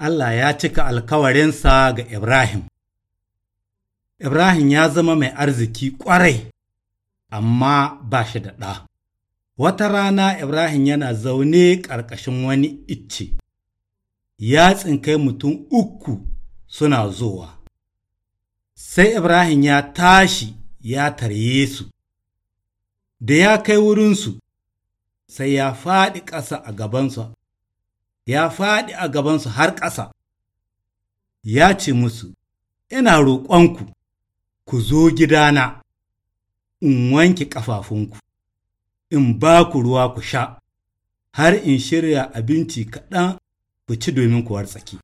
Allah ya cika alkawarinsa ga Ibrahim. Ibrahim ya zama mai arziki ƙwarai, amma ba shi da ɗa. Wata rana Ibrahim yana zaune ƙarƙashin wani icce, ya tsinkai mutum uku suna zowa. Sai Ibrahim ya tashi ya tarye su, da ya kai wurinsu, sai ya faɗi ƙasa a gabansa ya faɗi a gabansu har ƙasa, ya ce musu, Ina roƙonku, ku zo gidana, in wanke ƙafafunku, in ba ku ruwa ku sha, har in shirya abinci kaɗan ku ci domin ku tsaki.'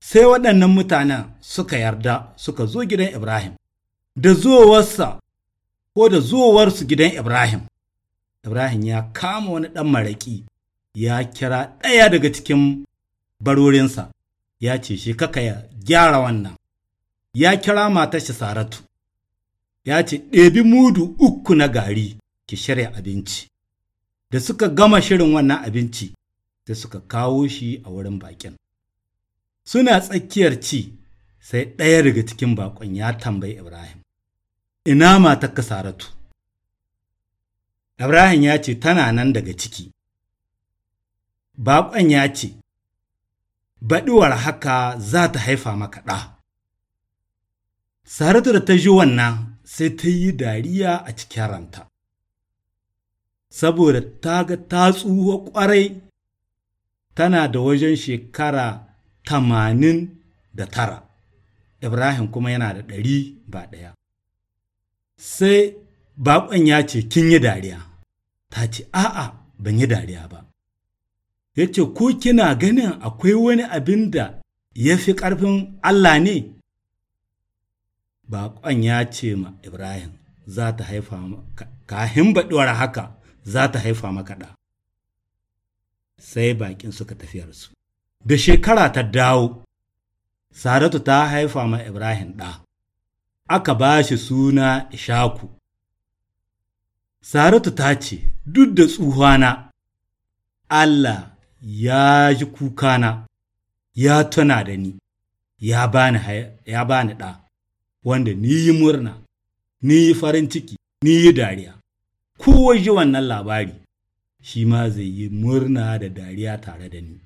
Sai waɗannan mutanen suka yarda suka zo gidan Ibrahim, da zuwarsa ko da zuwarsu gidan Ibrahim, Ibrahim ya kama wani ɗan maraƙi ya kira ɗaya daga cikin barorinsa ya ce shi kaka ya gyara wannan ya kira matashi saratu ya ce ɗebi mudu uku na gari ki shirya abinci da suka gama shirin wannan abinci sai suka kawo shi a wurin bakin suna tsakiyar ci sai ɗaya daga cikin bakon ya tambayi ibrahim ina matarka saratu ibrahim ya ce tana nan daga ciki Baƙon ya ce, Baɗuwar haka za ta haifa maka ɗa. Saratu da ta ji wannan sai ta yi dariya a cikin ranta, saboda ta ga ta tsuwa ƙwarai tana da wajen shekara tamanin da tara, Ibrahim kuma yana da ɗari ba ɗaya. Sai baƙon ya ce, Kin yi dariya, ta ce, A'a, ban yi dariya ba. ya ce ko kina ganin akwai wani abin da ya fi ƙarfin Allah ne baƙon ya ce ma Ibrahim za ta haifa maka kahin baɗuwar haka za ta haifa maka ɗa sai baƙin suka tafiyarsu da shekara ta dawo Saratu ta haifa ma Ibrahim ɗa aka ba shi suna Ishaku Saratu ta ce duk da tsuhana Allah ya ji kukana, ya tuna da ni, ya ba ni ɗa, wanda ni yi murna, ni yi farin ciki, ni yi dariya. Kowa ji wannan labari, shi ma zai yi murna da dariya tare da ni.